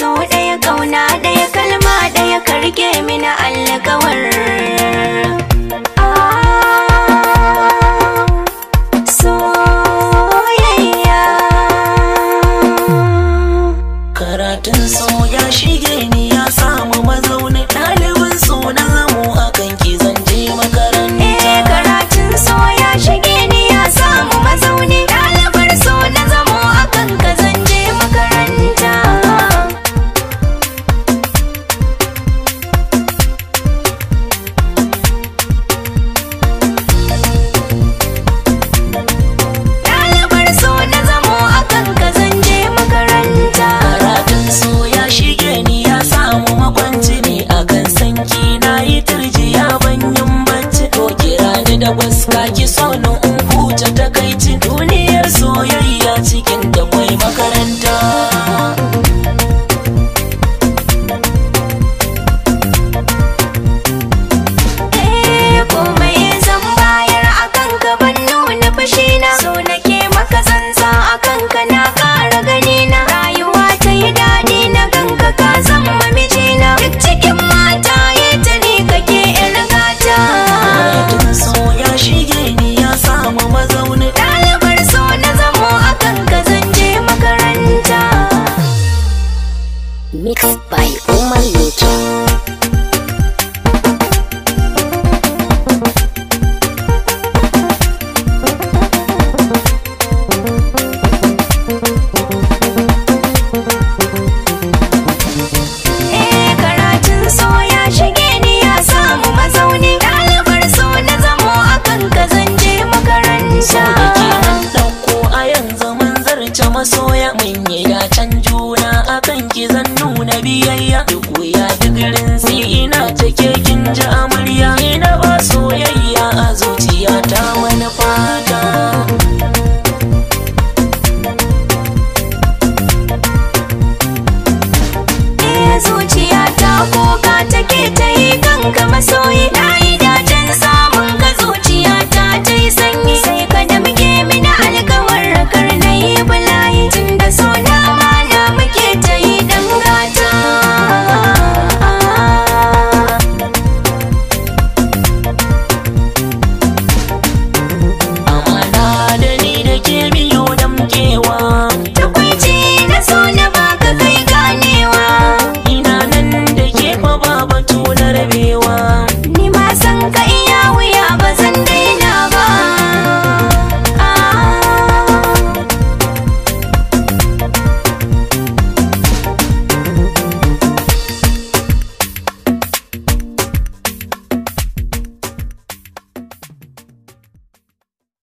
sau ɗaya kauna ɗaya kalma ɗaya karge rike mini alkawar ah, Karatun so ya shige ni ya samu mazaunin ɗalibin da gwaska ki sonin in takaici duniyar soyayya cikin da kin ji amarya ina ba soyayya a zuciya ta wani fata eh, zuciya ta koka take ta yi kanka masoyi ɗaya